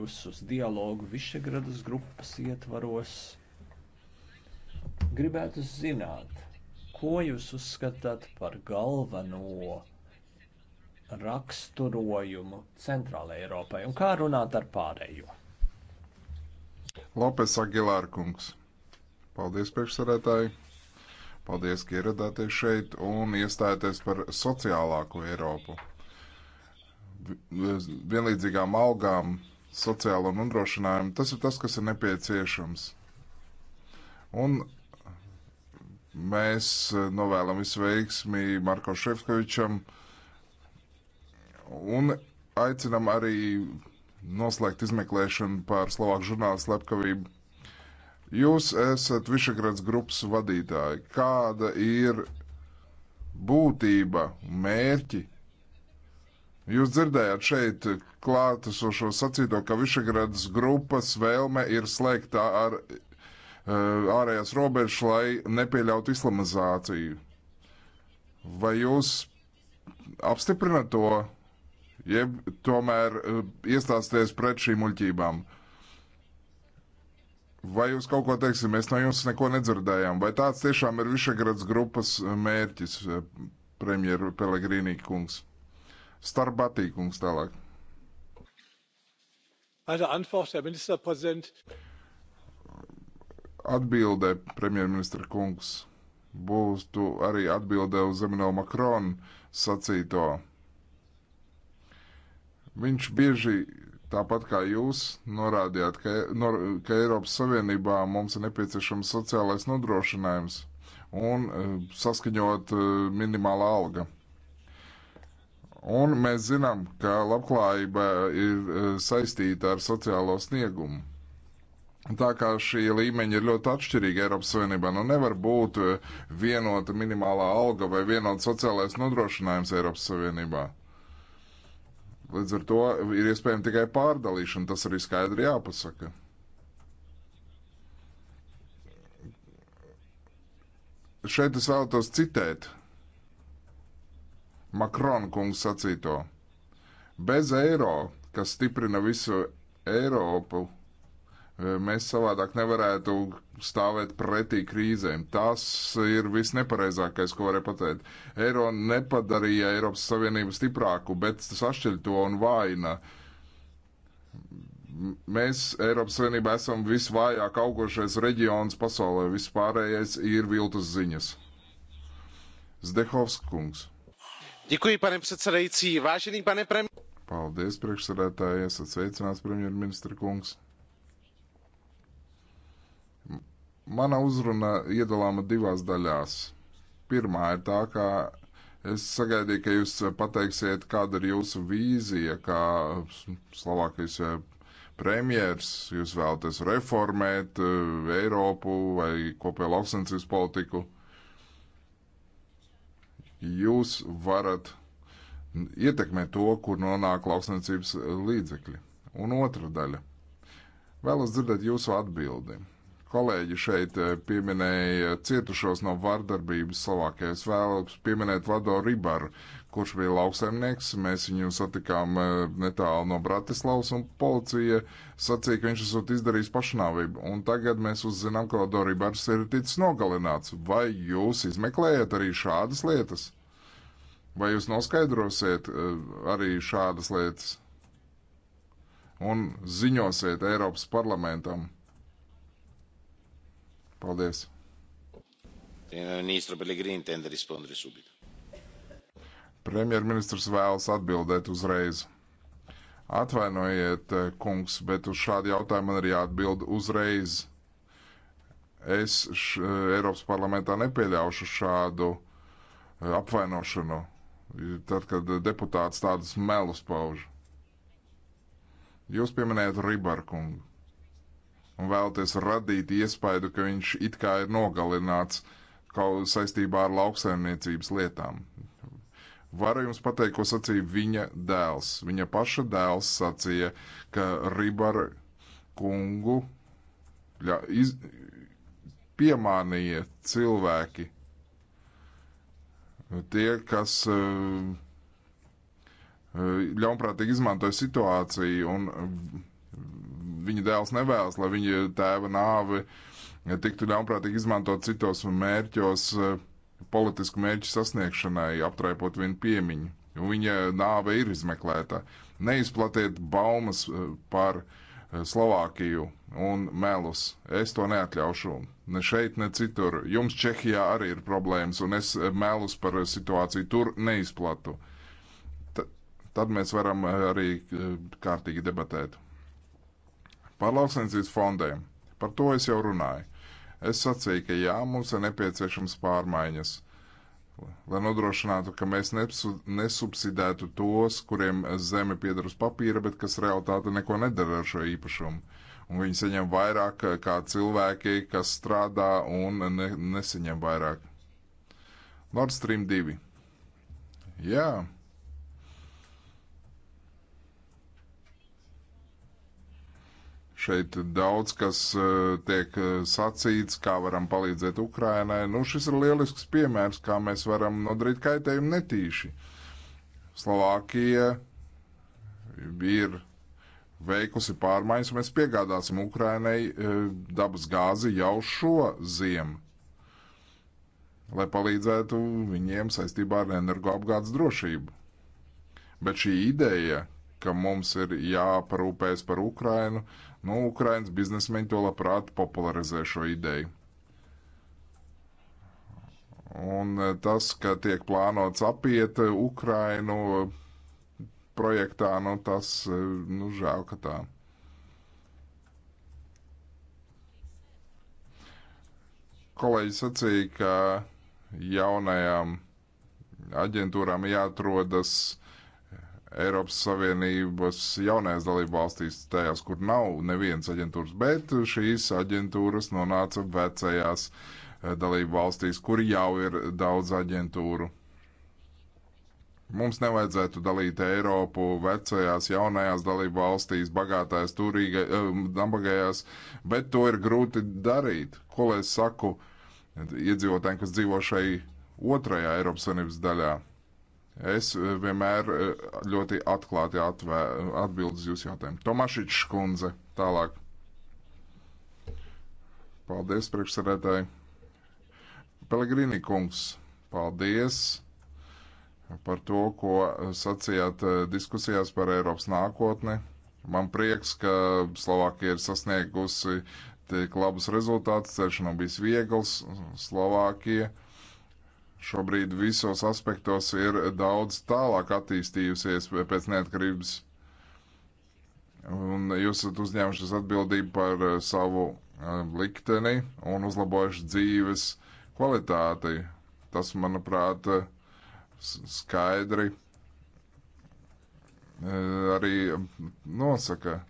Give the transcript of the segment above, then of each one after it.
uzstājusi uz dialogu Višegradas grupas ietvaros. Gribētu zināt, ko jūs uzskatāt par galveno raksturojumu Centrālajai Eiropai un kā runāt ar pārējo? Lopes Agilārkungs. Paldies, priekšsarētāji! Paldies, ka ieradāties šeit un iestājāties par sociālāku Eiropu. Vienlīdzīgām algām sociālo nodrošinājumu. Tas ir tas, kas ir nepieciešams. Un mēs novēlam visu veiksmi Marko Šefkovičam un aicinam arī noslēgt izmeklēšanu par Slovāku žurnālistu slepkavību. Jūs esat Višegrads grupas vadītāji. Kāda ir būtība, mērķi Jūs dzirdējāt šeit klātesošo sacīto, ka Višegradas grupas vēlme ir slēgta ar ārējās robežas, lai nepieļautu islamizāciju. Vai jūs apstiprināt to, jeb tomēr iestāsties pret šīm muļķībām? Vai jūs kaut ko teiksim, mēs no jums neko nedzirdējām? Vai tāds tiešām ir Višegradas grupas mērķis, premjeru Pelegrīnī kungs? Starbatīkums tālāk. Atbildē, premjerministra kungs, būs tu arī atbildē uz Emmanuel Macron sacīto. Viņš bieži, tāpat kā jūs, norādījāt, ka, nor, ka Eiropas Savienībā mums ir nepieciešams sociālais nodrošinājums un eh, saskaņot eh, minimāla alga. Un mēs zinām, ka labklājība ir e, saistīta ar sociālo sniegumu. Tā kā šie līmeņi ir ļoti atšķirīgi Eiropas Savienībā, nu nevar būt e, vienota minimālā alga vai vienota sociālais nodrošinājums Eiropas Savienībā. Līdz ar to ir iespējama tikai pārdalīšana, tas arī skaidri jāpasaka. Šeit es vēlētos citēt Makrona kungs sacīto. Bez eiro, kas stiprina visu Eiropu, e, mēs savādāk nevarētu stāvēt pretī krīzēm. Tas ir visnepareizākais, ko varēja pateikt. Eiro nepadarīja Eiropas Savienību stiprāku, bet sašķeļ to un vaina. Mēs Eiropas Savienībā esam visvājāk augošais reģions pasaulē. Vispārējais ir viltus ziņas. Zdehovskungs pane předsedající vážený pane premjer. Paldies, priekšsēdētāji, esat sveicināts, premjerministra kungs. Mana uzruna iedalāma divās daļās. Pirmā ir tā, ka es sagaidīju, ka jūs pateiksiet, kāda ir jūsu vīzija, kā Slovākijas eh, premjers, jūs vēlaties reformēt eh, Eiropu vai kopēju lauksensības politiku jūs varat ietekmēt to, kur nonāk lauksniecības līdzekļi. Un otra daļa. Vēlos dzirdēt jūsu atbildi. Kolēģi šeit eh, pieminēja cietušos no vardarbības Slovākijā. Es vēlos pieminēt Vado Ribaru, kurš bija lauksaimnieks. Mēs viņu satikām eh, netālu no Bratislavas, un policija sacīja, ka viņš esot izdarījis pašnāvību. Un tagad mēs uzzinām, ka Lodorī Bars ir ticis nogalināts. Vai jūs izmeklējat arī šādas lietas? Vai jūs noskaidrosiet eh, arī šādas lietas? Un ziņosiet Eiropas parlamentam. Paldies! Eh, ministro Pellegrini intende rispondere subito. Premjerministrs vēlas atbildēt uzreiz. Atvainojiet, eh, kungs, bet uz šādu jautājumu man ir jāatbild uzreiz. Es š, eh, Eiropas parlamentā nepieļaušu šādu eh, apvainošanu, tad, kad deputāts tādas melus pauž. Jūs pieminējat Ribarkungu un vēlaties radīt iespaidu, ka viņš it kā ir nogalināts kaut saistībā ar lauksaimniecības lietām. Varu jums pateikt, ko sacīja viņa dēls. Viņa paša dēls sacīja, ka Ribara kungu ļa, iz, piemānīja cilvēki. Tie, kas eh, eh, ļaunprātīgi izmantoja situāciju un eh, viņa dēls nevēlas, lai viņa tēva nāve tiktu ļaunprātīgi izmantot citos mērķos. Uh, politisku mērķu sasniegšanai, aptraipot vienu piemiņu. Viņa nāve ir izmeklēta. Neizplatiet baumas eh, par eh, Slovākiju un melus. Es to neatļaušu. Ne šeit, ne citur. Jums Čehijā arī ir problēmas, un es eh, melus par situāciju tur neizplatu. T tad mēs varam arī kārtīgi debatēt. Par lauksainicības fondēm. Par to es jau runāju. Es sacīju, ka jā, mums ir nepieciešams pārmaiņas, lai nodrošinātu, ka mēs nesubsidētu tos, kuriem zeme pieder uz papīra, bet kas realtāte neko nedara ar šo īpašumu. Un viņi saņem vairāk kā cilvēki, kas strādā un ne, nesaņem vairāk. Nord Stream 2. Jā. Yeah. Šeit daudz kas eh, tiek eh, sacīts, kā varam palīdzēt Ukrainai. Nu, šis ir lielisks piemērs, kā mēs varam nodarīt kaitējumu netīši. Slovākija ir veikusi pārmaiņas, un mēs piegādāsim Ukrainai eh, dabas gāzi jau šo ziemu, lai palīdzētu viņiem saistībā ar energoapgādes drošību. Bet šī ideja, ka mums ir jāparūpēs par Ukrainu, uh, Nu, Ukrainas biznesmeņi to labprāt popularizē šo ideju. Un eh, tas, ka tiek plānots apiet eh, Ukrainu eh, projektā, nu tas, nu, žēl, ka tā. kolēģi sacīja, ka jaunajām aģentūrām jāatrodas Eiropas Savienības jaunajās dalību valstīs, tajās, kur nav nevienas aģentūras, bet šīs aģentūras nonāca vecajās eh, dalību valstīs, kur jau ir daudz aģentūru. Mums nevajadzētu dalīt Eiropu vecajās, jaunajās dalību valstīs, bagātās, turīgajās, eh, bet to ir grūti darīt. Ko lai es saku iedzīvotājiem, kas dzīvo šai otrajā Eiropas Savienības daļā? Es eh, vienmēr eh, ļoti atklāti atvē, atbildu uz jūsu jautājumu. Tomašiņš kundze, tālāk. Paldies, priekšsarētāji. Pelegrini kungs, paldies par to, ko sacījāt eh, diskusijās par Eiropas nākotni. Man prieks, ka Slovākija ir sasniegusi tik labus rezultātus, ceļš nav bijis viegls. Slovākija šobrīd visos aspektos ir daudz tālāk attīstījusies pēc neatkarības. Un jūs esat uzņēmušies atbildību par eh, savu eh, likteni un uzlabojuši dzīves kvalitāti. Tas, manuprāt, skaidri eh, arī nosaka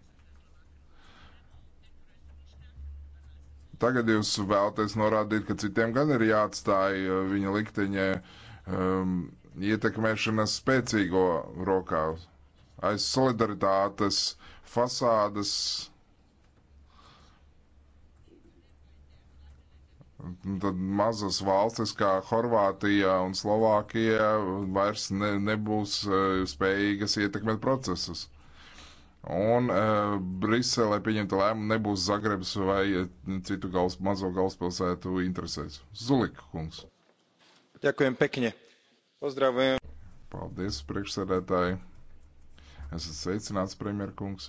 Tagad jūs vēlaties norādīt, ka citiem gan ir jāatstāj uh, viņa likteņa um, ietekmēšanas spēcīgo rokā. Aiz solidaritātes fasādes tad mazas valstis kā Horvātija un Slovākija vairs ne, nebūs uh, spējīgas ietekmēt procesus. Un uh, Briselē pieņemta lēmuma nebūs Zagrebs vai e, citu gals, mazo galvaspilsētu interesēs. Zulika kungs. Ďakujem pekne. Pozdravujam. Paldies, priekšsēdētāji. Esat sveicināts, premjerkungs.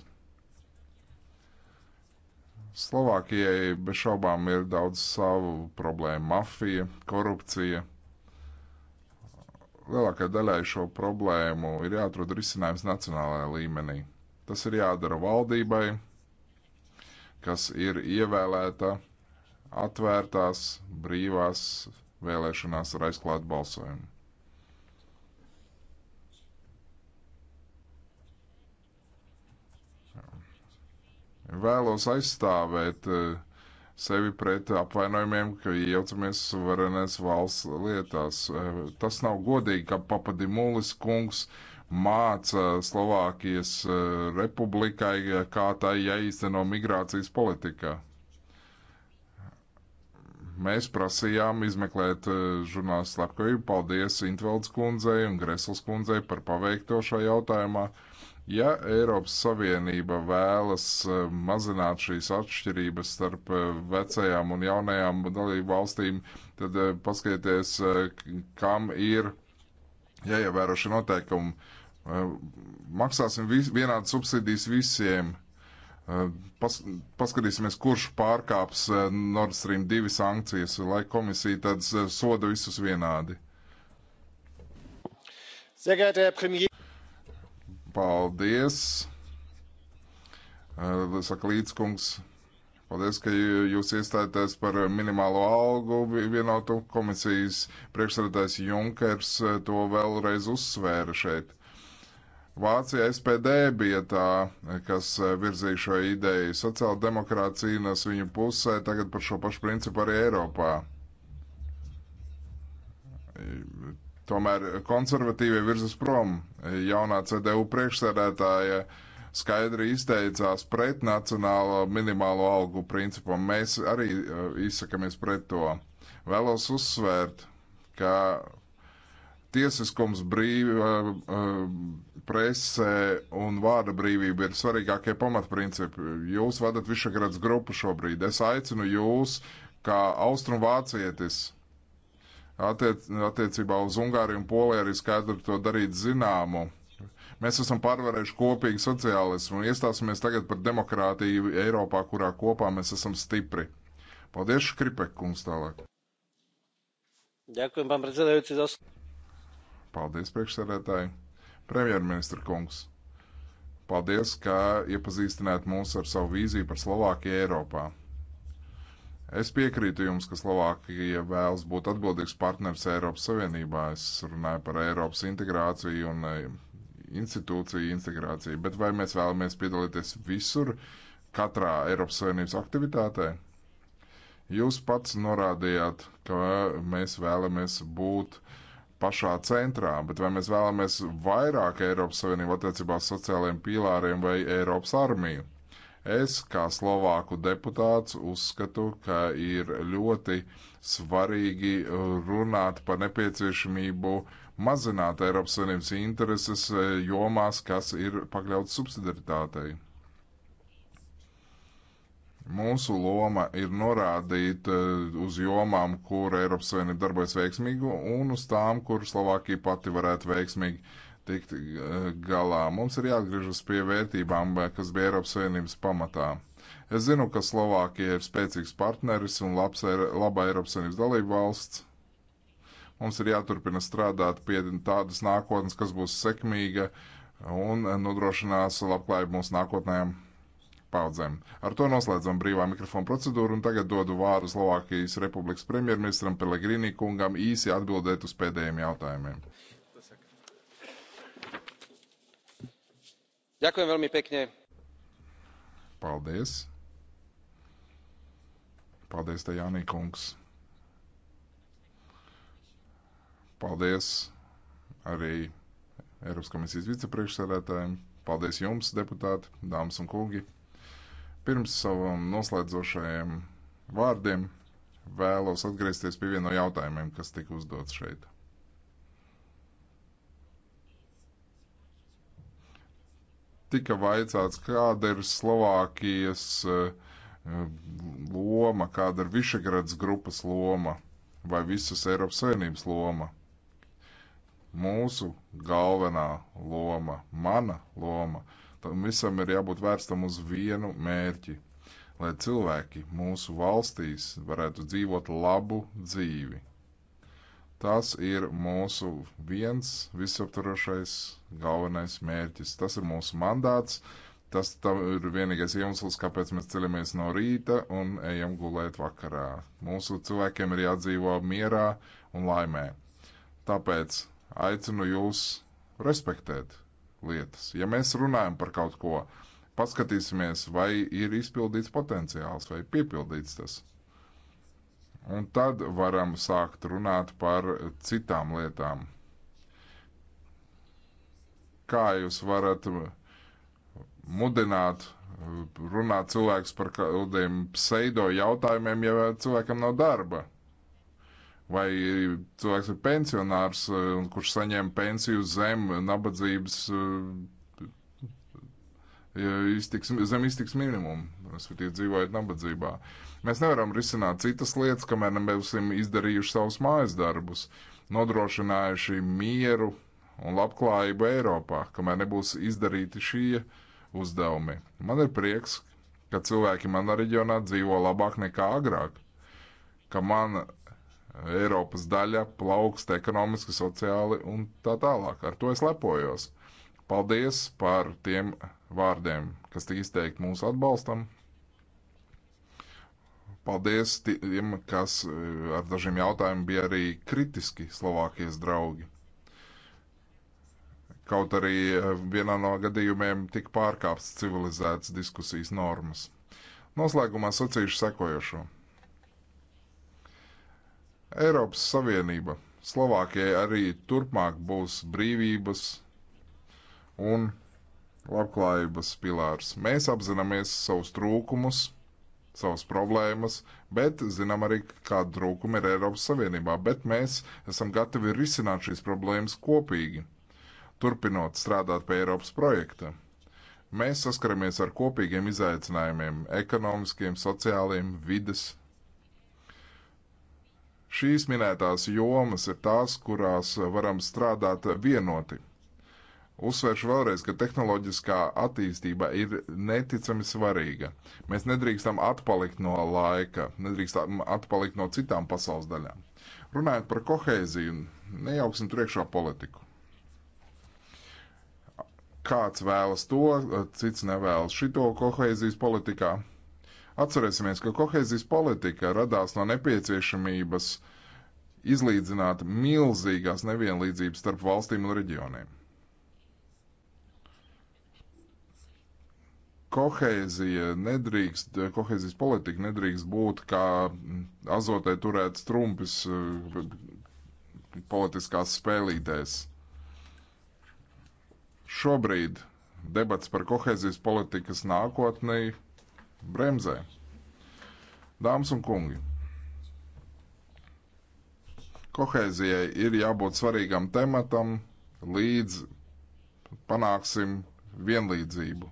Slovākijai bez šaubām ir daudz savu problēmu - mafija, korupcija. Lielākai daļai šo problēmu ir jāatrod risinājums nacionālajā līmenī Tas ir jādara valdībai, kas ir ievēlēta atvērtās, brīvās vēlēšanās ar aizklātu balsojumu. Vēlos aizstāvēt eh, sevi pret apvainojumiem, ka iejaucamies suverēnēs valsts lietās. Eh, tas nav godīgi, ka papadimulis kungs uh, māca Slovākijas e, republikai, e, kā tai jāīsteno migrācijas politikā. Mēs prasījām izmeklēt e, žurnālu slepkavību. Paldies Intveldes kundzei un Gresls kundzei par paveikto šajā jautājumā. Ja Eiropas Savienība vēlas mazināt šīs atšķirības starp vecajām un jaunajām dalību valstīm, tad paskatieties, kam ir jāievēro šie noteikumi. Eh, maksāsim vis, vienādu subsidijas visiem. Eh, pas, paskatīsimies, kurš pārkāps eh, Nord Stream 2 sankcijas, lai komisija tad soda visus vienādi. Paldies! Saka līdzkungs. Paldies, ka jūs iestājāties par minimālo algu vienotu komisijas priekšsēdētājs Junkers to vēlreiz uzsvēra šeit. Vācija SPD bija tā, kas eh, virzīja šo ideju. Sociāldemokrāti cīnās viņu pusē, tagad par šo pašu principu arī Eiropā. Tomēr konservatīvie virzas prom. Jaunā CDU priekšsēdētāja skaidri izteicās pret nacionālo minimālo algu principam. Mēs arī eh, izsakamies pret to. Vēlos uzsvērt, ka tiesiskums, brīva eh, eh, presē un vārda brīvība ir svarīgākie pamatprincipi. Jūs vadat Višagrads grupu šobrīd. Es aicinu jūs, kā austrumvācietis, attiec, attiecībā uz Ungāriju un Poliju arī skaidri to darīt zināmu. Mēs esam pārvarējuši kopīgi sociālismu un iestāsimies tagad par demokrātiju Eiropā, kurā kopā mēs esam stipri. Paldies, Škripek, kungs tālāk. Ďakujem, pán predsedajúci, za Paldies, priekšsēdētāji. Premjerministra kungs, paldies, ka iepazīstināt mūs ar savu vīziju par Slovākiju Eiropā. Es piekrītu jums, ka Slovākija vēlas būt atbildīgs partners Eiropas Savienībā. Es runāju par Eiropas integrāciju un eh, institūciju integrāciju, bet vai mēs vēlamies piedalīties visur, katrā Eiropas Savienības aktivitātē? Jūs pats norādījāt, ka mēs vēlamies būt uh, pašā centrā, bet vai mēs vēlamies vairāk Eiropas Savienību attiecībā uz sociālajiem pīlāriem vai Eiropas armiju? Es, kā Slovāku deputāts, uzskatu, ka ir ļoti svarīgi uh, runāt par nepieciešamību mazināt Eiropas Savienības intereses uh, jomās, kas ir pakļauts subsidiaritātei. Mūsu loma ir norādīt eh, uz jomām, kur Eiropas Savienība darbojas veiksmīgi, un uz tām, kur Slovākija pati varētu veiksmīgi tikt eh, galā. Mums ir jāatgriežas pie vērtībām, eh, kas bija Eiropas Savienības pamatā. Es zinu, ka Slovākija ir spēcīgs partneris un labs, labā Eiropas Savienības dalība valsts. Mums ir jāturpina strādāt pie tādas nākotnes, kas būs sekmīga un nodrošinās labklājību mūsu nākotnēm paudzēm. Ar to noslēdzam brīvā mikrofona procedūru un tagad dodu vāru Slovākijas Republikas premjerministram Pelegrini kungam īsi atbildēt uz pēdējiem jautājumiem. Ďakujem veľmi pekne. Paldies. Paldies, te Jānī kungs. Paldies arī Eiropas komisijas vicepriekšsēdētājiem. Paldies jums, deputāti, dāmas un kungi! Pirms savam noslēdzošajiem vārdiem vēlos atgriezties pie viena no jautājumiem, kas tika uzdots šeit. Tika vaicāts, kāda ir Slovākijas eh, loma, kāda ir Višegrads grupas loma vai visas Eiropas Savienības loma. Mūsu galvenā loma, mana loma, Tam visam ir jābūt vērstam uz vienu mērķi - lai cilvēki mūsu valstīs varētu dzīvot labu dzīvi. Tas ir mūsu viens visaptvarošais galvenais mērķis. Tas ir mūsu mandāts. Tas ir vienīgais iemesls, kāpēc mēs ceļamies no rīta un ejam gulēt vakarā. Mūsu cilvēkiem ir jādzīvo mierā un laimē. Tāpēc aicinu jūs respektēt lietas. Ja mēs runājam par kaut ko, paskatīsimies, vai ir izpildīts potenciāls, vai piepildīts tas. Un tad varam sākt runāt par citām lietām. Kā jūs varat mudināt, runāt cilvēks par kādiem pseido jautājumiem, ja cilvēkam nav darba? Vai cilvēks ir pensionārs, eh, kurš saņem pensiju zem nabadzības, eh, eh, iztiks, zem iztiks minimuma, respektīvi dzīvojot nabadzībā. Mēs nevaram risināt citas lietas, kamēr nebūsim izdarījuši savus mājas darbus, nodrošinājuši mieru un labklājību Eiropā, kamēr nebūs izdarīti šie uzdevumi. Man ir prieks, ka cilvēki manā reģionā dzīvo labāk nekā agrāk, ka man Eiropas daļa plaukst ekonomiski, sociāli un tā tālāk. Ar to es lepojos. Paldies par tiem vārdiem, kas tika izteikti mūsu atbalstam. Paldies tiem, kas eh, ar dažiem jautājumiem bija arī kritiski Slovākijas draugi. Kaut arī eh, vienā no gadījumiem tika pārkāptas civilizētas diskusijas normas. Noslēgumā sacīšu sekojošo. Eiropas Savienība Slovākijai arī turpmāk būs brīvības un labklājības pilārs. Mēs apzināmies savus trūkumus, savas problēmas, bet zinām arī, kāda trūkuma ir Eiropas Savienībā, bet mēs esam gatavi risināt šīs problēmas kopīgi, turpinot strādāt pie Eiropas projekta. Mēs saskaramies ar kopīgiem izaicinājumiem - ekonomiskiem, sociāliem, vides Šīs minētās jomas ir tās, kurās varam strādāt vienoti. Uzsveršu vēlreiz, ka tehnoloģiskā attīstība ir neticami svarīga. Mēs nedrīkstam atpalikt no laika, nedrīkstam atpalikt no citām pasaules daļām. Runājot par kohēziju, nejauksim priekšā politiku. Kāds vēlas to, cits nevēlas šito kohēzijas politikā. Atcerēsimies, ka kohēzijas politika radās no nepieciešamības izlīdzināt milzīgās nevienlīdzības starp valstīm un reģioniem. Kohēzija nedrīkst, kohēzijas politika nedrīkst būt kā azotē turēt strumpis eh, politiskās spēlītēs. Šobrīd debats par kohēzijas politikas nākotnei bremzē. Dāmas un kungi, kohēzijai ir jābūt svarīgam tematam, līdz panāksim vienlīdzību.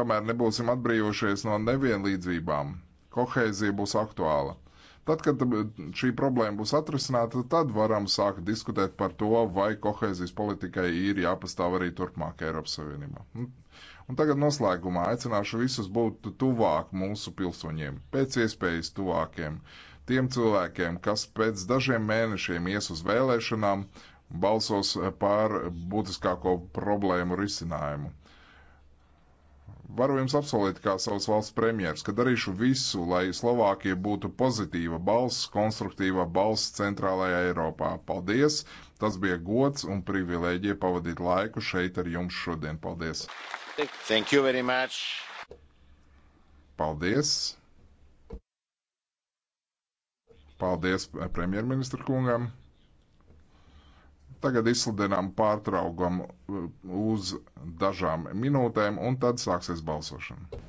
Kamēr nebūsim atbrīvojušies no nevienlīdzībām, kohēzija būs aktuāla. Tad, kad šī problēma būs atrisināta, tad varam sākt diskutēt par to, vai kohēzijas politikai ir jāpastāv arī turpmāk Eiropas Savienībā. Un tagad noslēgumā aicināšu visus būt tuvāk mūsu pilsoņiem, pēc iespējas tuvākiem tiem cilvēkiem, kas pēc dažiem mēnešiem ies uz vēlēšanām, balsos par būtiskāko problēmu risinājumu. Varu jums apsolīt, kā savas valsts premjeras, ka darīšu visu, lai Slovākija būtu pozitīva balss, konstruktīva balss centrālajā Eiropā. Paldies! Tas bija gods un privilēģija pavadīt laiku šeit ar jums šodien. Paldies! Thank you very much! Paldies! Paldies premjerministra kungam! Tagad izsludinām pārtraukumu uh, uz dažām minūtēm, un tad sāksies balsošana.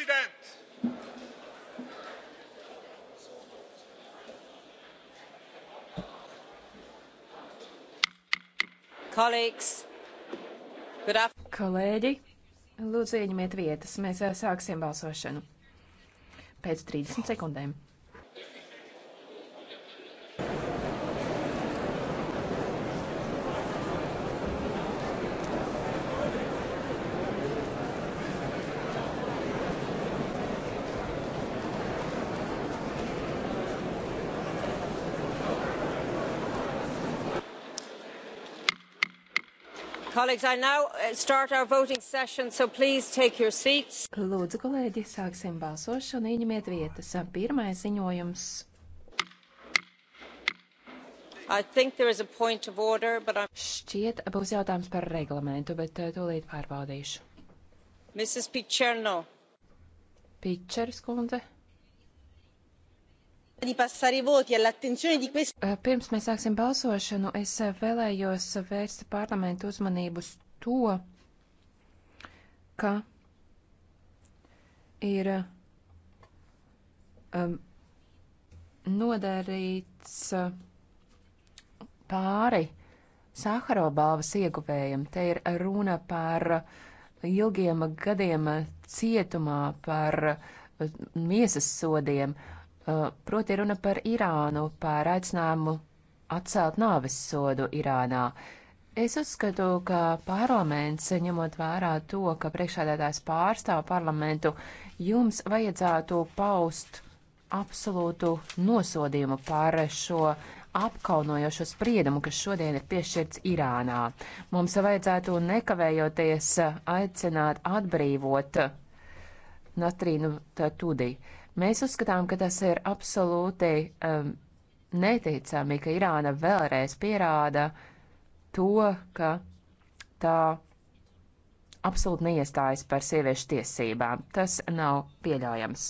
president! Kolēģi, lūdzu ieņemiet vietas. Mēs eh, sāksim balsošanu pēc 30 sekundēm. Colleagues, I now uh, start our voting session, so please take your seats. Lūdzu, kolēģi, sāksim balsošanu, ieņemiet vietas. Pirmais ziņojums. Order, Šķiet, būs jautājums par reglamentu, bet uh, tūlīt pārbaudīšu. Mrs. Pičerno. Pičers kundze. Eh, pirms mēs sāksim balsošanu, es eh, vēlējos vērst parlamentu uzmanību uz to, ka ir um, nodarīts pāri Sāharo balvas ieguvējiem. Te ir runa par ilgiem gadiem cietumā, par miesas sodiem Uh, proti runa par Irānu, par aicinājumu atcelt nāves sodu Irānā. Es uzskatu, ka parlaments, ņemot vērā to, ka priekšādātājs pārstāv parlamentu, jums vajadzētu paust absolūtu nosodījumu par šo apkaunojošo spriedumu, kas šodien ir piešķirts Irānā. Mums vajadzētu nekavējoties aicināt atbrīvot Natrīnu Tudiju. Mēs uzskatām, ka tas ir absolūti um, neticami, ka Irāna vēlreiz pierāda to, ka tā absolūti neiestājas par sieviešu tiesībām. Tas nav pieļaujams.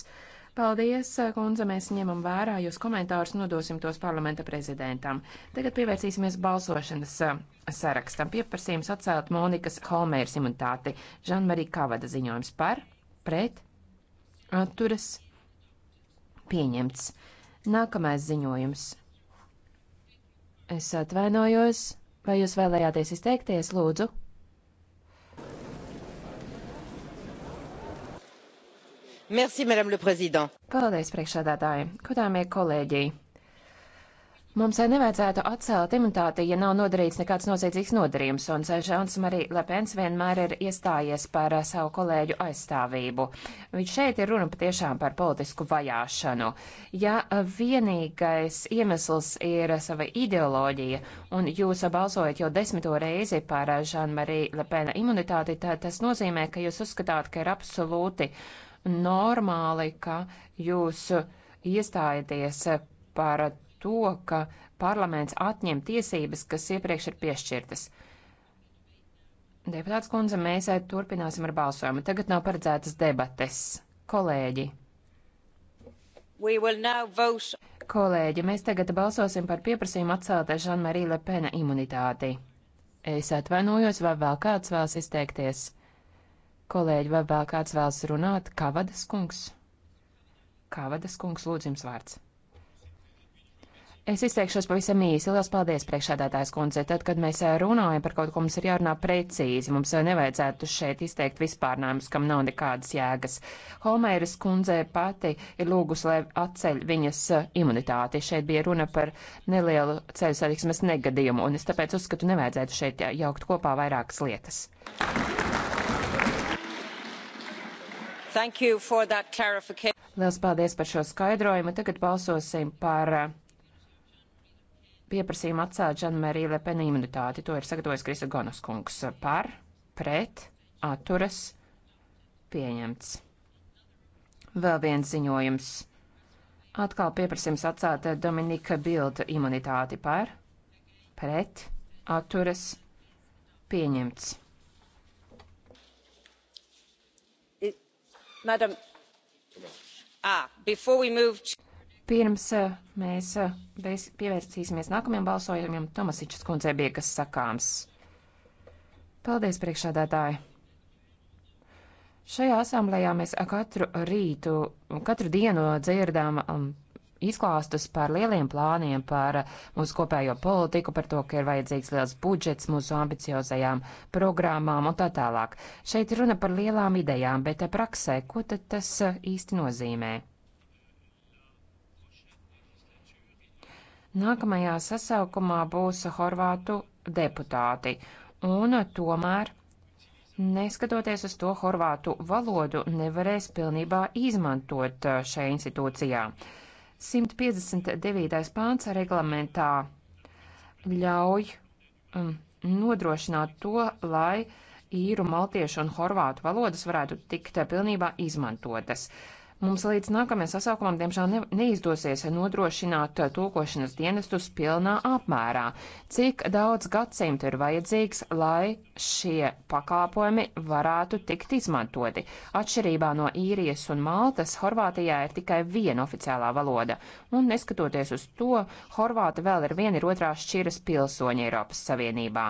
Paldies, kundze, mēs ņemam vērā jūs komentārus, nodosim tos parlamenta prezidentam. Tagad pievērsīsimies balsošanas uh, sarakstam. Pieprasījums atcelt Monikas Holmēras imunitāti. Žanmarī Kavada ziņojums par, pret, atturas, pieņemts. Nākamais ziņojums. Es atvainojos, vai jūs vēlējāties izteikties, lūdzu? Merci, Madame le Président. Paldies, priekšādātāji, kodāmie kolēģi. Mums nevajadzētu atcelt imunitāti, ja nav nodarīts nekāds noziedzīgs nodarījums, un Žāns Marija Lepens vienmēr ir iestājies par savu kolēģu aizstāvību. Viņš šeit ir runa patiešām par politisku vajāšanu. Ja vienīgais iemesls ir sava ideoloģija, un jūs balsojat jau desmito reizi par Žānu Mariju Lepena imunitāti, tad tas nozīmē, ka jūs uzskatāt, ka ir absolūti normāli, ka jūs iestājaties par to, ka parlaments atņem tiesības, kas iepriekš ir piešķirtas. Deputāts kundze, mēs eh, turpināsim ar balsojumu. Tagad nav paredzētas debates. Kolēģi. Kolēģi, mēs tagad balsosim par pieprasījumu atcelt Žanmarī Lepena imunitāti. Es atvainojos, vai vēl kāds vēlas izteikties? Kolēģi, vai vēl kāds vēlas runāt? Kavadas kungs? Kavadas kungs, lūdzu jums vārds. Es izteikšos pavisam īsi. Lielas paldies priekšādātājs kundze. Tad, kad mēs runājam par kaut ko, mums ir jārunā precīzi. Mums nevajadzētu šeit izteikt vispārnājumus, kam nav nekādas jēgas. Homēras kundze pati ir lūgus, lai atceļ viņas imunitāti. Šeit bija runa par nelielu ceļu satiksmes negadījumu, un es tāpēc uzskatu, nevajadzētu šeit jaukt kopā vairākas lietas. Liels paldies par šo skaidrojumu. Tagad balsosim par pieprasījumu atcelt Žanmērī Lepena imunitāti. To ir sagatavojis Krista Gonas kungs. Par, pret, atturas, pieņemts. Vēl viens ziņojums. Atkal pieprasījums atcelt Dominika Bilda imunitāti par, pret, atturas, pieņemts. It, madam, ah, before we move to... Pirms eh, mēs eh, pievērsīsimies nākamajam balsojumam, Tomasičs kundzei bija kas sakāms. Paldies, priekšādātāji! Šajā asamblējā mēs katru rītu, katru dienu dzirdām um, izklāstus par lieliem plāniem, par eh, mūsu kopējo politiku, par to, ka ir vajadzīgs liels budžets mūsu ambiciozajām programmām un tā tālāk. Šeit runa par lielām idejām, bet praksē, ko tad tas īsti nozīmē? Nākamajā sasaukumā būs horvātu deputāti, un tomēr, neskatoties uz to, horvātu valodu nevarēs pilnībā izmantot uh, šajā institūcijā. 159. pāns reglamentā ļauj um, nodrošināt to, lai īru, maltiešu un horvātu valodas varētu tikt uh, pilnībā izmantotas. Uh, Mums līdz nākamajam sasaukumam, diemžēl, ne, neizdosies nodrošināt tulkošanas dienestus pilnā apmērā. Cik daudz gadsimtu ir vajadzīgs, lai šie pakāpojumi varētu tikt izmantoti? Atšķirībā no īrijas un maltas, Horvātijā ir tikai viena oficiālā valoda, un neskatoties uz to, Horvāti vēl ir viena ir otrā šķiras pilsoņa Eiropas Savienībā.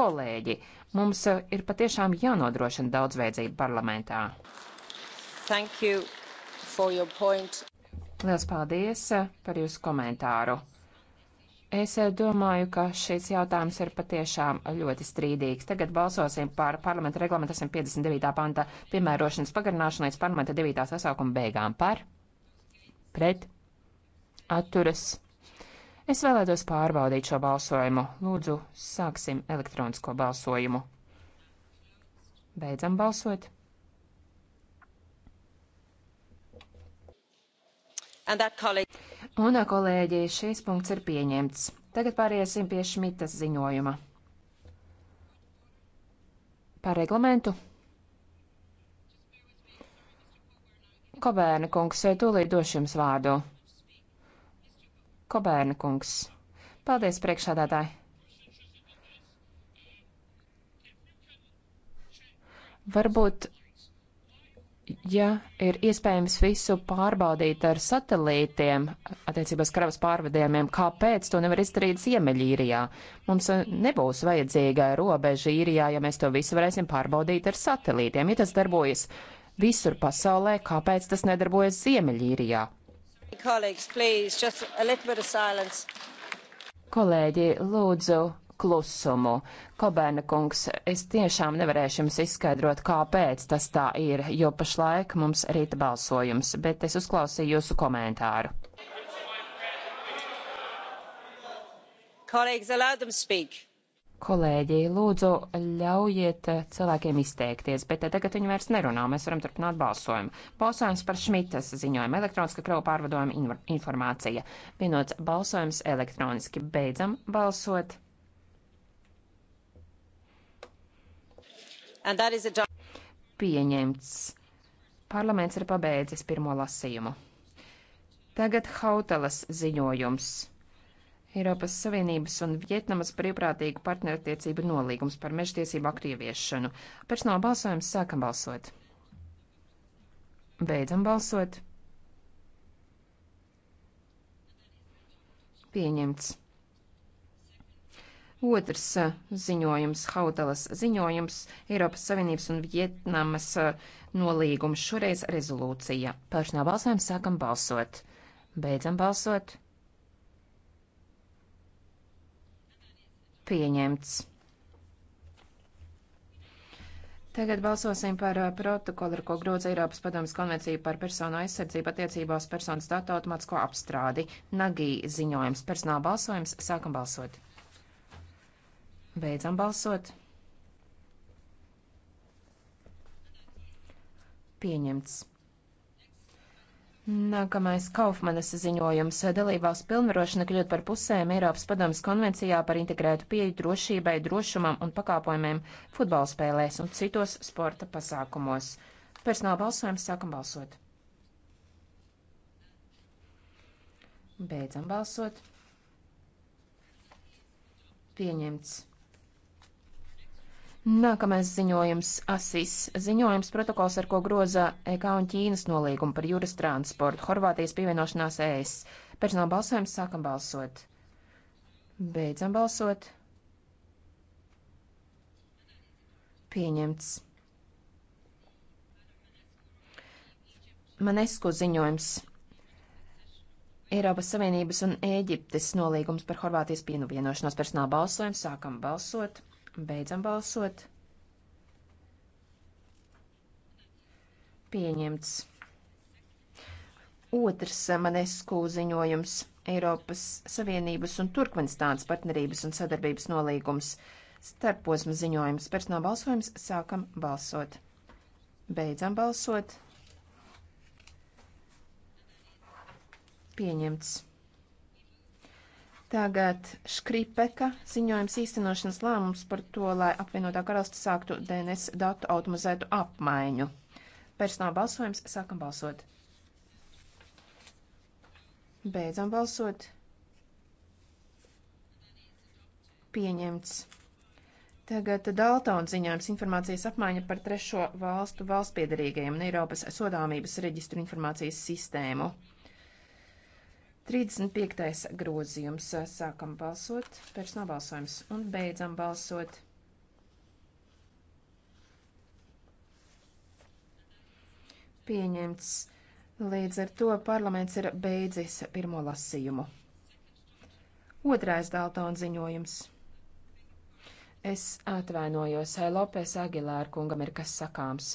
Kolēģi, mums ir patiešām jānodrošina daudzveidzība parlamentā. Thank you. Lielas paldies eh, par jūsu komentāru. Es eh, domāju, ka šis jautājums ir patiešām ļoti strīdīgs. Tagad balsosim par parlamenta reglamentu 159. panta piemērošanas pagarināšanu līdz parlamenta 9. sasaukuma beigām par, pret, atturas. Es vēlētos pārbaudīt šo balsojumu. Lūdzu, sāksim elektronisko balsojumu. Beidzam balsot. Un, kolēģi, šīs punkts ir pieņemts. Tagad pāriesim pie Šmitas ziņojuma. Par reglamentu. Kobērna kungs, tūlīt došu jums vārdu. Kobērna kungs. Paldies, priekšādātāji. Varbūt ja ir iespējams visu pārbaudīt ar satelītiem attiecībās kravas pārvadījumiem, kāpēc to nevar izdarīt Ziemeļīrijā? Mums nebūs vajadzīga robeža īrijā, ja mēs to visu varēsim pārbaudīt ar satelītiem. Ja tas darbojas visur pasaulē, kāpēc tas nedarbojas Ziemeļīrijā? Kolēģi, lūdzu, klusumu. Kobēna kungs, es tiešām nevarēšu jums izskaidrot, kāpēc tas tā ir, jo pašlaik mums rīta balsojums, bet es uzklausīju jūsu komentāru. Kolēģi, lūdzu, ļaujiet eh, cilvēkiem izteikties, bet eh, tagad viņi vairs nerunā, mēs varam turpināt balsojumu. Balsojums par Šmitas ziņojumu elektroniska kravu pārvadojuma informācija. Vienots balsojums elektroniski. Beidzam balsot. A... Pieņemts. Parlaments ir pabeidzis pirmo lasījumu. Tagad Hautalas ziņojums. Eiropas Savienības un Vietnamas brīvprātīgu partnertiecību nolīgums par mežtiesību aktu ieviešanu. Pēc no balsojuma sākam balsot. Beidzam balsot. Pieņemts. Otrs ziņojums, Hautelas ziņojums, Eiropas Savienības un Vietnamas nolīgums, šoreiz rezolūcija. Pāršanā balsojam sākam balsot. Beidzam balsot. Pieņemts. Tagad balsosim par protokolu, ar ko groza Eiropas padomas konvenciju par personu aizsardzību attiecībā uz personas datu automātisko apstrādi. Nagī ziņojums, personāla balsojums, sākam balsot. Beidzam balsot. Pieņemts. Nākamais Kaufmanas ziņojums - dalībvalsts pilnvarošana kļūt par pusēm Eiropas padomas konvencijā par integrētu pieeju drošībai, drošumam un pakāpojumiem futbola spēlēs un citos sporta pasākumos. Personāla balsojums sākam balsot. Beidzam balsot. Pieņemts. Nākamais ziņojums - ASIS. Ziņojums protokols, ar ko groza EK un Ķīnas nolīgumu par jūras transportu, Horvātijas pievienošanās ES. Pēc no balsojuma sākam balsot. Beidzam balsot. Pieņemts. Manesku ziņojums. Eiropas Savienības un Ēģiptes nolīgums par Horvātijas pienu vienošanos personāla balsojumu sākam balsot. Beidzam balsot. Pieņemts. Otrs manesku ziņojums - Eiropas Savienības un Turkmenistānas partnerības un sadarbības nolīgums. Starposma ziņojums - personāla balsojums - sākam balsot. Beidzam balsot. Pieņemts. Tagad Škripeka ziņojums īstenošanas lēmums par to, lai apvienotā karalsta sāktu DNS datu automatizētu apmaiņu. Personāla balsojums sākam balsot. Beidzam balsot. Pieņemts. Tagad Daltona ziņojums informācijas apmaiņa par trešo valstu valstspiedarīgajiem un Eiropas sodāmības reģistru informācijas sistēmu. 35. grozījums. Sākam balsot, pēc nobalsojums un beidzam balsot. Pieņemts. Līdz ar to parlaments ir beidzis pirmo lasījumu. Otrais Daltona ziņojums. Es atvainojos, Lopes Agilēra kungam ir kas sakāms.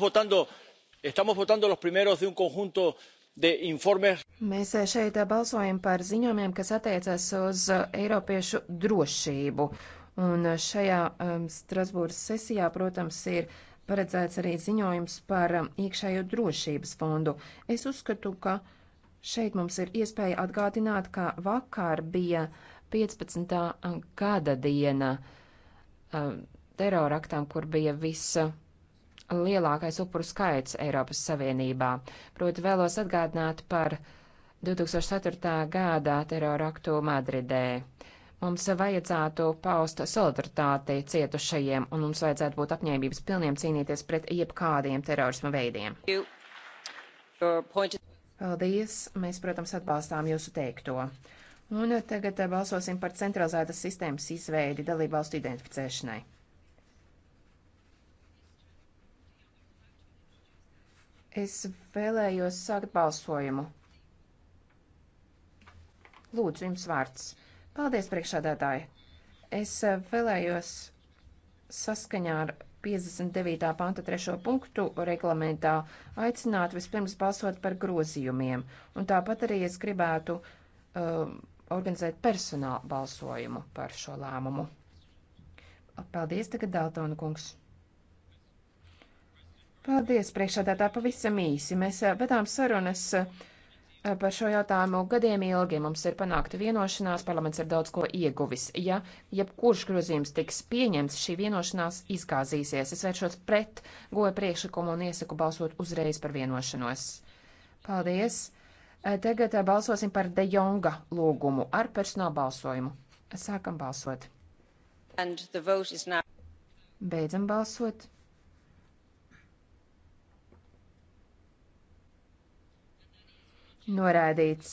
Mēs šeit balsojam par ziņojumiem, kas attiecas uz uh, Eiropiešu drošību. Un uh, šajā um, Strasbūras sesijā, protams, ir paredzēts arī ziņojums par um, iekšējo drošības fondu. Es uzskatu, ka šeit mums ir iespēja atgādināt, ka vakar bija 15. Uh, gada diena um, teroraktām, kur bija visa lielākais upuru skaits Eiropas Savienībā. Proti vēlos atgādināt par 2004. gadā teroraktu Madridē. Mums vajadzētu paust solidaritāti cietušajiem, un mums vajadzētu būt apņēmības pilniem cīnīties pret jebkādiem terorisma veidiem. Paldies! Mēs, protams, atbalstām jūsu teikto. Un tagad balsosim par centralizētas sistēmas izveidi dalībvalstu identificēšanai. Es vēlējos sākt balsojumu. Lūdzu, jums vārds. Paldies, priekšādātāji. Es eh, vēlējos saskaņā ar 59. panta 3. punktu reglamentā aicināt vispirms balsot par grozījumiem, un tāpat arī es gribētu uh, organizēt personālu balsojumu par šo lēmumu. Paldies, tagad Daltona kungs. Paldies, priekšādātā, pavisam īsi. Mēs eh, vedām sarunas eh, par šo jautājumu gadiem ilgi. Mums ir panākta vienošanās, parlaments ir daudz ko ieguvis. Ja jebkurš grozījums tiks pieņemts, šī vienošanās izgāzīsies. Es vēršos pret goja priekšlikumu un iesaku balsot uzreiz par vienošanos. Paldies. Eh, tagad balsosim par De Jonga lūgumu ar personālu balsojumu. Sākam balsot. Beidzam balsot. Norādīts.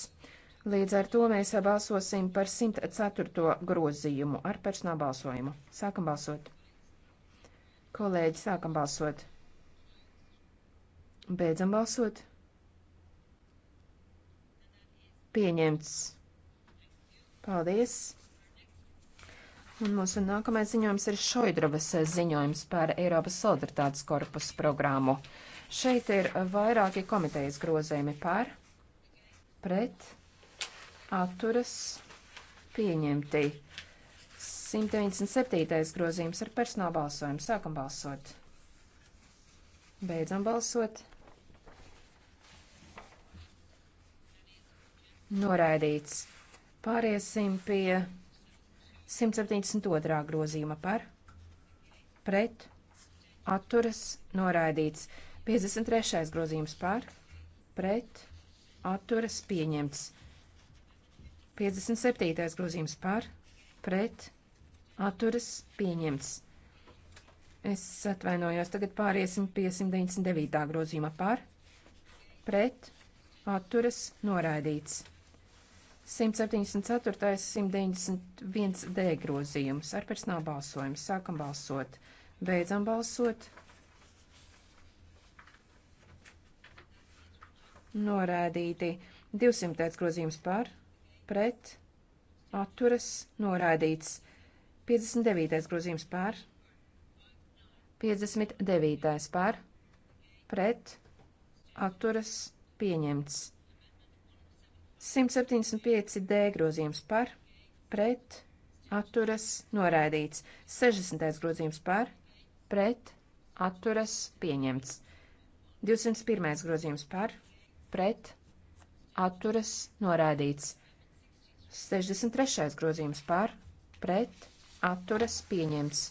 Līdz ar to mēs balsosim par 104. grozījumu ar personālu balsojumu. Sākam balsot. Kolēģi, sākam balsot. Beidzam balsot. Pieņemts. Paldies. Un mūsu nākamais ziņojums ir Šoidrovas ziņojums par Eiropas solidaritātes korpusu programmu. Šeit ir vairāki komitejas grozējumi par pret atturas pieņemti. 197. grozījums ar personālu balsojumu. Sākam balsot. Beidzam balsot. Noraidīts. Pāriesim pie 172. grozījuma par pret atturas noraidīts. 53. grozījums par pret atturas pieņemts. 57. grozījums par, pret, atturas pieņemts. Es atvainojos, tagad pāriesim pie 199. grozījuma par, pret, atturas noraidīts. 174. 191. D grozījums ar personālu balsojumu. Sākam balsot, beidzam balsot. Norādīti. 200. grozījums par, pret, atturas, norādīts. 59. grozījums par, 59. par, pret, atturas, pieņemts. 175. D grozījums par, pret, atturas, noraidīts. 60. grozījums par, pret, atturas, pieņemts. 201. grozījums par, pret, pret, atturas, norādīts. 63. grozījums par, pret, atturas, pieņemts.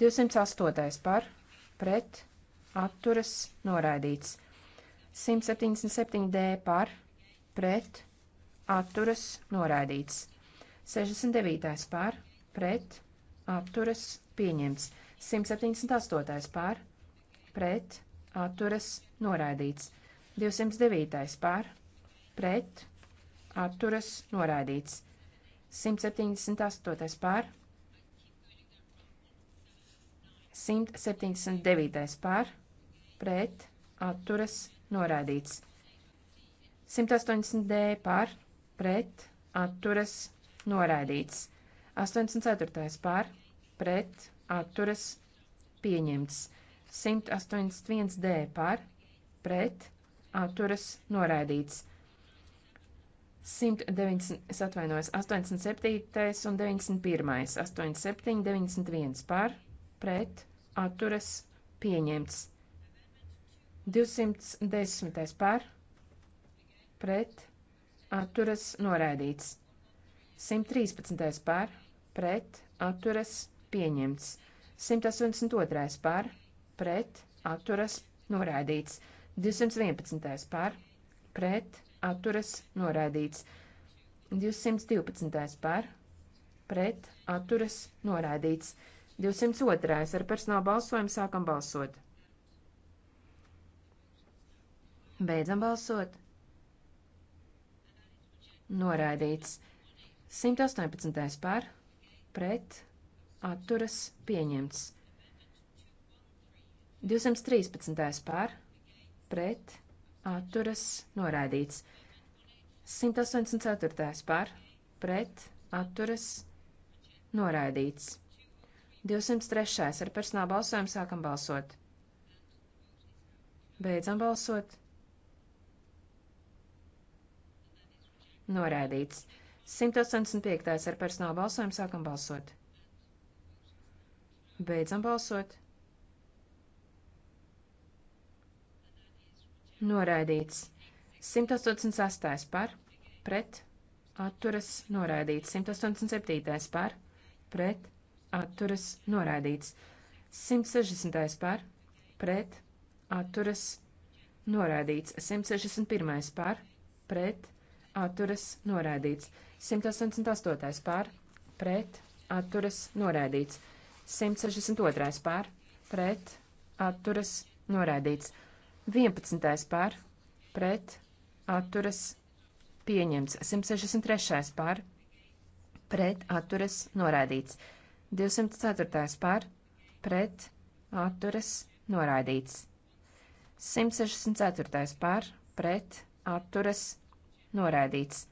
208. par, pret, atturas, noraidīts. 177D par, pret, atturas, noraidīts. 69. par, pret, atturas, pieņemts. 178. par, pret, atturas, noraidīts. 209. pār, pret, atturas, noraidīts. 178. pār, 179. pār, pret, atturas, noraidīts. 180D pār, pret, atturas, noraidīts. 84. pār, pret, atturas, pieņemts. 181D pār, pret, atturas noraidīts. 190, es atvainojos, 87. un 91. 87, 91 par, pret, atturas, pieņemts. 210. par, pret, atturas, noraidīts. 113. par, pret, atturas, pieņemts. 182. par, pret, atturas, noraidīts. 211. par, pret, atturas, noraidīts. 212. par, pret, atturas, noraidīts. 202. ar personālu balsojumu sākam balsot. Beidzam balsot. Noraidīts. 118. par, pret, atturas, pieņemts. 213. par, pret, atturas, noraidīts. 184. par, pret, atturas, noraidīts. 203. ar personālu balsojumu sākam balsot. Beidzam balsot. Noraidīts. 185. ar personālu balsojumu sākam balsot. Beidzam balsot. noraidīts. 188. par, pret, atturas, noraidīts. 187. par, pret, atturas, noraidīts. 160. par, pret, atturas, noraidīts. 161. par, pret, atturas, noraidīts. 188. par, pret, atturas, noraidīts. 162. par, pret, atturas, noraidīts. 11. par pret atturas pieņemts. 163. par pret atturas noraidīts. 204. par pret atturas noraidīts. 164. par pret atturas noraidīts.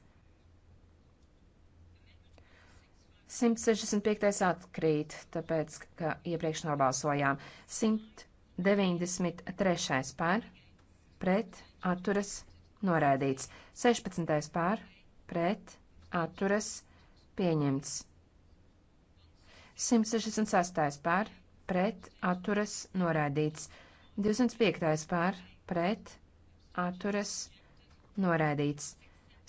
165. atkrīt, tāpēc, ka iepriekš nobalsojām. 100 93. pār, pret, atturas, noraidīts. 16. pār, pret, atturas, pieņemts. 168. pār, pret, atturas, noraidīts. 205. pār, pret, atturas, noraidīts.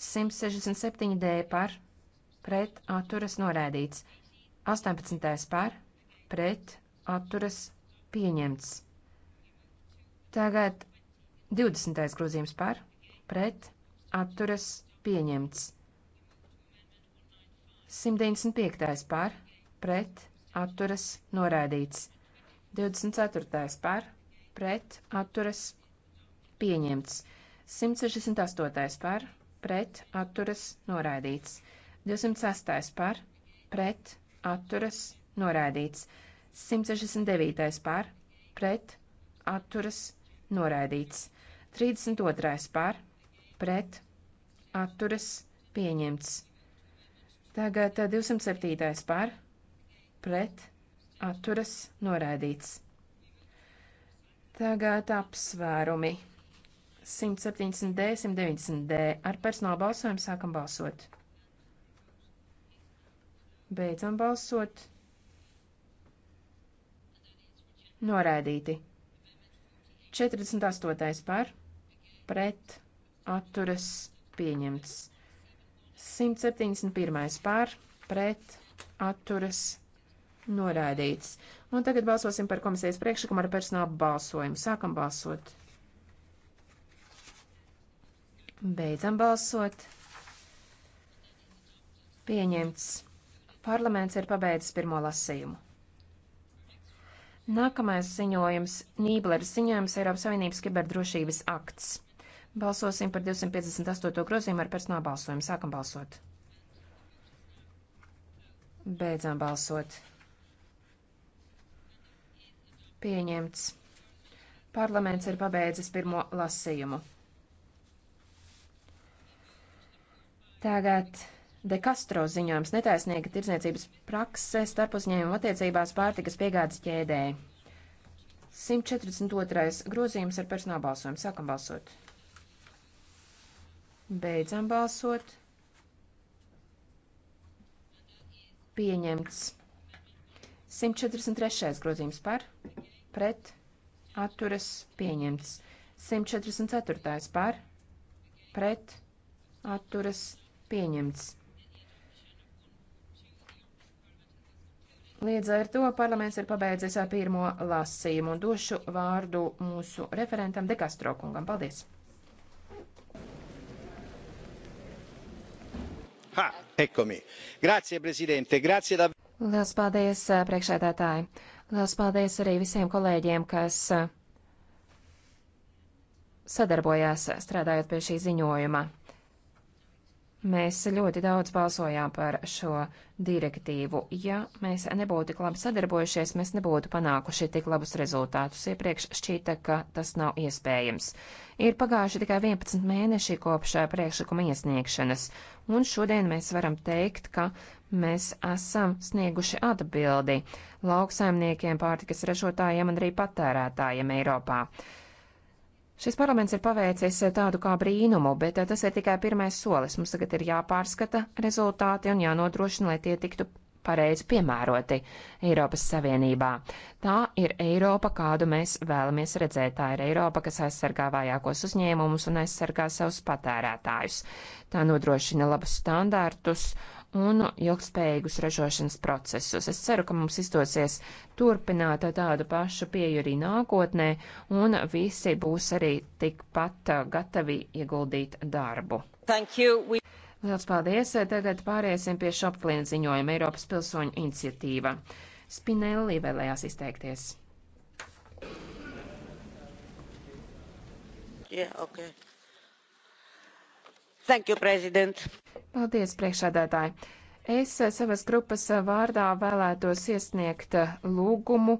167. d par, pret, atturas, noraidīts. 18. par, pret, atturas, pieņemts. Tagad 20. grozījums par, pret, atturas, pieņemts. 195. par, pret, atturas, noraidīts. 24. par, pret, atturas, pieņemts. 168. par, pret, atturas, noraidīts. 206. par, pret, atturas, noraidīts. 169. par, pret, atturas, noraidīts noraidīts. 32. par, pret, atturas, pieņemts. Tagad 207. Eh, par, pret, atturas, noraidīts. Tagad apsvērumi. 170D, 190D. Ar personālu balsojumu sākam balsot. Beidzam balsot. Noraidīti. 48. par pret atturas pieņemts. 171. par pret atturas noraidīts. Un tagad balsosim par komisijas priekšlikumu ar personālu balsojumu. Sākam balsot. Beidzam balsot. Pieņemts. Parlaments ir pabeidzis pirmo lasījumu. Nākamais ziņojums - Nībleris ziņojums Eiropas Savienības kiberdrošības akts. Balsosim par 258. grozījumu ar personālu balsojumu. Sākam balsot. Beidzam balsot. Pieņemts. Parlaments ir pabeidzis pirmo lasījumu. Tagad De Castro ziņojums netaisnīga tirdzniecības prakse starp uzņēmumu attiecībās pārtikas piegādes ķēdē. 142. grozījums ar personāla balsojumu. Sākam balsot. Beidzam balsot. Pieņemts. 143. grozījums par, pret, atturas, pieņemts. 144. par, pret, atturas, pieņemts. Līdz ar to parlaments ir pabeidzis pirmo lasījumu un došu vārdu mūsu referentam Dekastro kungam. Paldies! Ha, eccomi. Grazie, Presidente. Grazie da... Lielas paldies, eh, priekšēdētāji. Lielas paldies arī visiem kolēģiem, kas eh, sadarbojās eh, strādājot pie šī ziņojuma. Mēs ļoti daudz balsojām par šo direktīvu. Ja mēs nebūtu tik labi sadarbojušies, mēs nebūtu panākuši tik labus rezultātus. Iepriekš šķīta, ka tas nav iespējams. Ir pagājuši tikai 11 mēneši kopš priekšlikuma iesniegšanas, un šodien mēs varam teikt, ka mēs esam snieguši atbildi lauksaimniekiem, pārtikas ražotājiem un arī patērētājiem Eiropā. Šis parlaments ir paveicis eh, tādu kā brīnumu, bet eh, tas ir tikai pirmais solis. Mums tagad ir jāpārskata rezultāti un jānodrošina, lai tie tiktu pareizi piemēroti Eiropas Savienībā. Tā ir Eiropa, kādu mēs vēlamies redzēt. Tā ir Eiropa, kas aizsargā vājākos uzņēmumus un aizsargā savus patērētājus. Tā nodrošina labus standārtus un ilgspējīgus ražošanas procesus. Es ceru, ka mums izdosies turpināt tādu pašu pieju arī nākotnē, un visi būs arī tikpat uh, gatavi ieguldīt darbu. We... Lielas paldies! Tagad pāriesim pie Šopflina ziņojuma Eiropas pilsoņu iniciatīva. Spinelli vēlējās izteikties. Yeah, okay. Thank you, President. Paldies, priekšādātāji. Es eh, savas grupas eh, vārdā vēlētos iesniegt eh, lūgumu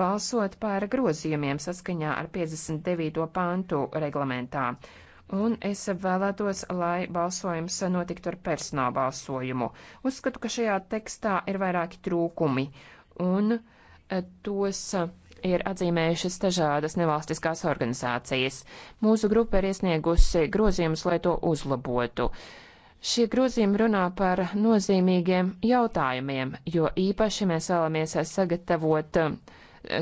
balsot par grozījumiem saskaņā ar 59. pantu reglamentā. Un es vēlētos, lai balsojums notiktu ar personālu balsojumu. Uzskatu, ka šajā tekstā ir vairāki trūkumi, un tos ir atzīmējušas dažādas nevalstiskās organizācijas. Mūsu grupa ir iesniegusi grozījumus, lai to uzlabotu. Šie grozījumi runā par nozīmīgiem jautājumiem, jo īpaši mēs vēlamies sagatavot,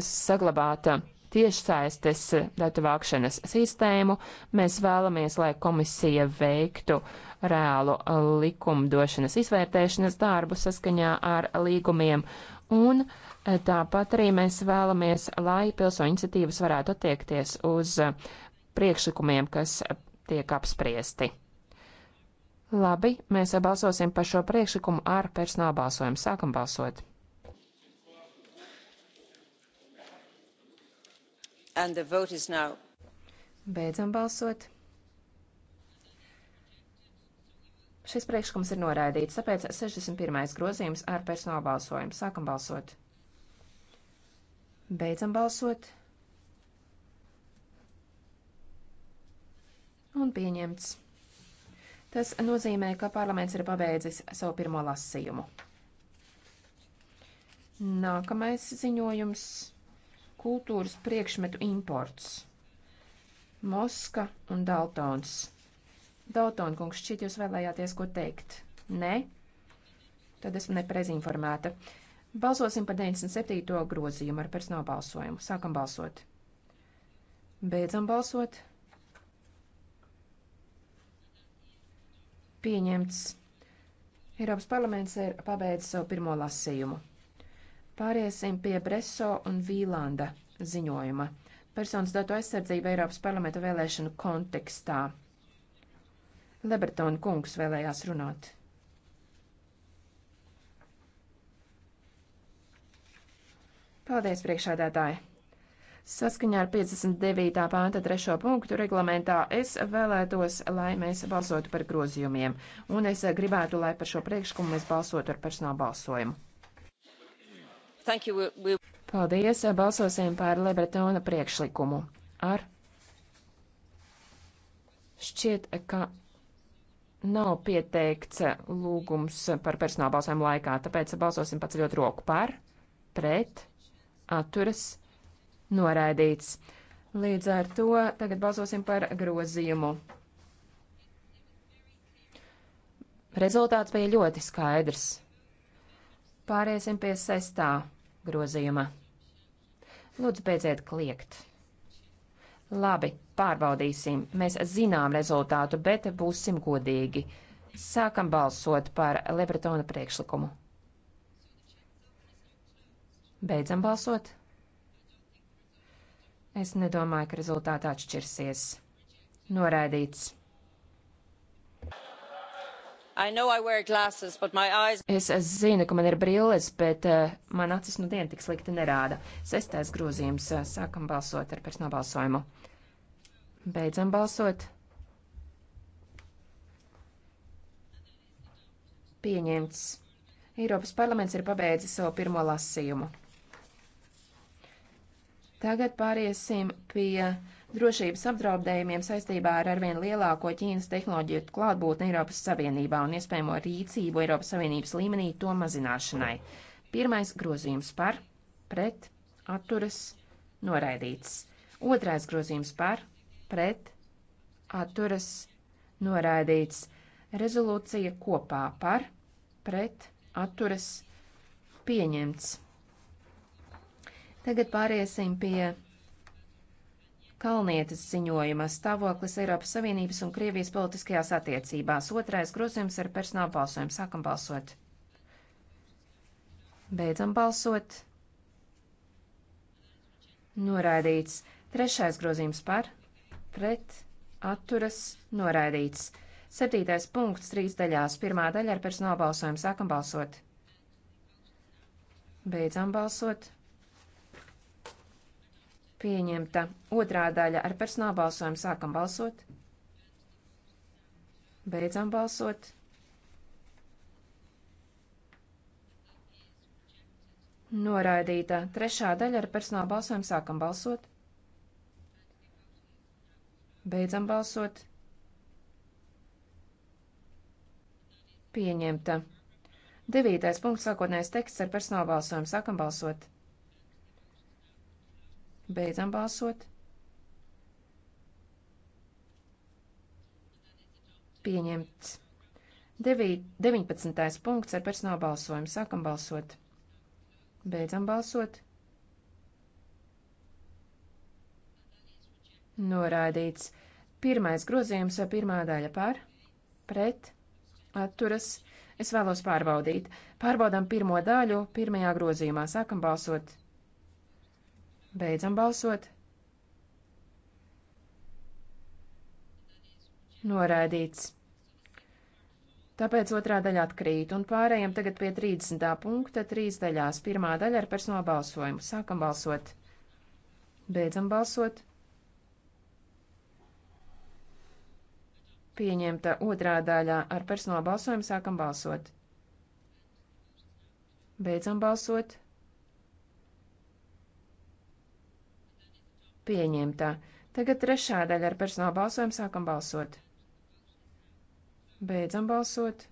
saglabāt tiešsaistes datu vākšanas sistēmu. Mēs vēlamies, lai komisija veiktu reālu likumdošanas izvērtēšanas darbu saskaņā ar līgumiem un uh, Tāpat arī mēs vēlamies, lai pilsoņu iniciatīvas varētu attiekties uz priekšlikumiem, kas tiek apspriesti. Labi, mēs balsosim par šo priekšlikumu ar personāla balsojumu. Sākam balsot. Beidzam balsot. Šis priekšlikums ir noraidīts, tāpēc 61. grozījums ar personāla balsojumu. Sākam balsot. Beidzam balsot. Un pieņemts. Tas nozīmē, ka parlaments ir pabeidzis savu pirmo lasījumu. Nākamais ziņojums - kultūras priekšmetu imports. Moska un Daltons. Daltona kungs, šķiet jūs vēlējāties ko teikt? Nē? Tad esmu neprezinformēta. Balsosim par 97. grozījumu ar personālu balsojumu. Sākam balsot. Beidzam balsot. Pieņemts. Eiropas parlaments ir pabeidzis savu pirmo lasījumu. Pāriesim pie Breso un Vīlanda ziņojuma. Personas datu aizsardzība Eiropas parlamenta vēlēšanu kontekstā. Lebertona kungs vēlējās runāt. Paldies, priekšādātāji! Saskaņā ar 59. pānta 3. punktu reglamentā es vēlētos, lai mēs balsotu par grozījumiem, un es gribētu, lai par šo priekšlikumu mēs balsotu ar personālu balsojumu. Paldies, balsosim par Lebretona priekšlikumu. Ar? Šķiet, ka nav pieteikts lūgums par personālu balsojumu laikā, tāpēc balsosim paceļot roku par, pret atturas noraidīts. Līdz ar to tagad balsosim par grozījumu. Rezultāts bija ļoti skaidrs. Pāriesim pie sestā grozījuma. Lūdzu, beidziet kliegt. Labi, pārbaudīsim. Mēs zinām rezultātu, bet būsim godīgi. Sākam balsot par Lebretona priekšlikumu. Beidzam balsot. Es nedomāju, ka rezultāti atšķirsies. Noraidīts. I I glasses, eyes... Es zinu, ka man ir brilles, bet uh, man acis nu dienu tik slikti nerāda. Sestais grozījums. Eh, sākam balsot ar pēc nobalsojumu. Beidzam balsot. Pieņemts. Eiropas parlaments ir pabeidzis savu pirmo lasījumu. Tagad pāriesim pie drošības apdraudējumiem saistībā ar arvien lielāko Ķīnas tehnoloģiju klātbūtni Eiropas Savienībā un iespējamo rīcību Eiropas Savienības līmenī to mazināšanai. Pirmais grozījums par, pret, atturas, noraidīts. Otrais grozījums par, pret, atturas, noraidīts. Rezolūcija kopā par, pret, atturas, pieņemts. Tagad pāriesim pie Kalnietes ziņojuma stāvoklis Eiropas Savienības un Krievijas politiskajās attiecībās. Otrais grozījums ir personāla balsojums. Sākam balsot. Beidzam balsot. Noraidīts. Trešais grozījums par, pret, atturas, noraidīts. Septītais punkts trīs daļās. Pirmā daļa ar personāla balsojumu. Sākam balsot. Beidzam balsot pieņemta. Otrā daļa ar personālu balsojumu sākam balsot. Beidzam balsot. Noraidīta. Trešā daļa ar personālu balsojumu sākam balsot. Beidzam balsot. Pieņemta. Devītais punkts sākotnējais teksts ar personālu balsojumu sākam balsot. Beidzam balsot. Pieņemts. 9, 19. punkts ar personālu balsojumu. Sākam balsot. Beidzam balsot. Noraidīts. Pirmais grozījums vai pirmā daļa par, pret, atturas. Es vēlos pārbaudīt. Pārbaudām pirmo daļu, pirmajā grozījumā. Sākam balsot. Beidzam balsot. Noraidīts. Tāpēc otrā daļa atkrīt, un pārējiem tagad pie 30. punkta trīs daļās. Pirmā daļa ar personālu balsojumu. Sākam balsot. Beidzam balsot. Pieņemta otrā daļā ar personālu balsojumu. Sākam balsot. Beidzam balsot. pieņemta. Tagad trešā daļa ar personālu balsojumu sākam balsot. Beidzam balsot.